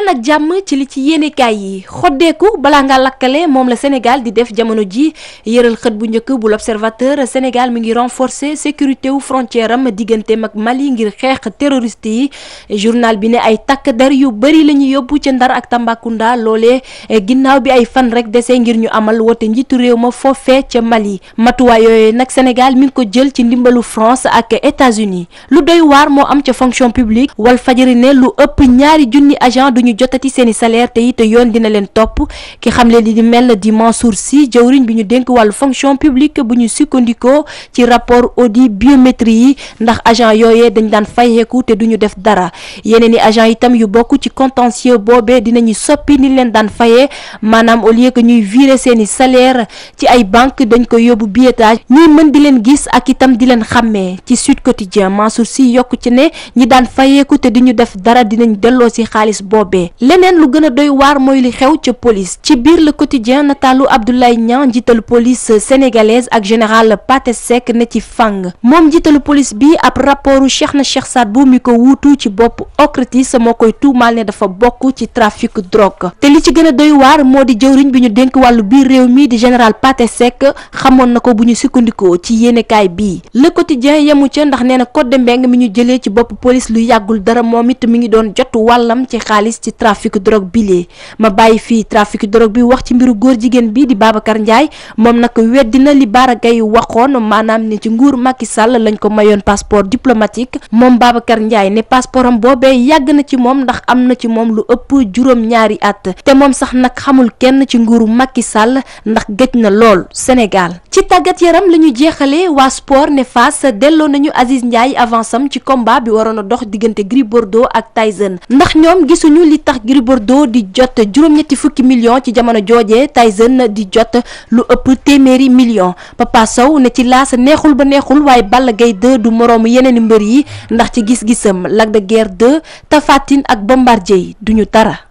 daleen ak jàmm ci li ci yéenekaay yi xoddeeku balaa ngaa lakkale moom la Sénégal di def jamono ji yëral xët bu njëkk bu l'Observateur Sénégal mi ngi renforcer sécurité wu frontière am digganteem ak Mali ngir xeex terroriste yi journal bi ne ay takk der yu bari la ñu yóbbu ca Ndar ak Tambacounda loole eh, ginnaaw bi ay fan rek dese ngir ñu amal wote njiitu réew ma foofee ca Mali matuwaay yooyu nag Sénégal mi ngi ko jël ci ndimbalu France ak États-Unis lu doy waar moo am ca fonction publique Walf Fadjri ne lu ëpp ñaari junni agent duñu ñu jotati seen i salaire te it yoon dina leen topp ki xam leen li di mel di Mansour Sy jëwriñ bi ñu dénk wàllu fonction publique bu ñu sukkandikoo ci rapport audit biométrie yi ndax agent yooyee dañ daan fayeeku te duñu def dara yeneen i agent itam yu bokk ci contentieux boobee dinañu soppi ni leen daan fayee maanaam au lieu que ñuy virer seen i ci ay banque dañ ko yóbbu billetage ñuy mën di leen gis ak itam di leen xàmmee ci Sud Quotidien Mansour si yokk ci ne ñi daan fayeeku te duñu def dara dinañ delloo xaalis boobe boobee leneen lu gën a doy waar mooy li xew ca police ci biir le quotidien nataalu Abdoulaye Niang njiitalu police sénégalaise ak général Pathé Seck ne ci fàng moom njiitalu police bi ab rapportu Cheikhna Cheikh Sadbou mi ko wuutu ci bopp OCRTIS moo koy tuumaal ne dafa bokk ci trafic drogue te li ci gën a doy waar moo di jëwriñ bi ñu dénk wàllu biir réew mi di général Pathé Seck xamoon na ko bu ñu sukkandikoo ci yéenekaay bii le quotidien yemu ca ndax nee na code de mi ñu jëlee ci bopp police lu yàggul dara moom it mi ngi doon jot wàllam ci xaalis ci trafic drogue bile ma bàyyi fii trafic drogue bi wax ci mbiru góor jigéen bi di Babacar Ndiaye moom nag weddina li Bara Gaye waxoon maanaam ne ci nguur makki Sall lañ ko mayoon passeport diplomatique moom baabakar Ndiaye ne passeport am boobee yàgg na ci moom ndax am na ci moom lu ëpp juróom-ñaari at te moom sax nag xamul kenn ci nguuru Macky sàll ndax gëj na lool Sénégal ci tàggat yaram la ñu jeexalee waa sport ne Fass delloo nañu Aziz Ndiaye avance am ci combat bi waroon a dox diggante Gris Bordeaux ak Tyson li tax Gris Bordeaux di jot juróom-ñetti fukki millions ci jamono joojee na di jot lu ëpp téeméeri millions Papa Sow ne ci laas neexul ba neexul waaye Balla Gaye 2 du moroomu yeneen mbër yi ndax ci gis-gisam Lac de Guiers 2 ak Tine ak Bombardier duñu dara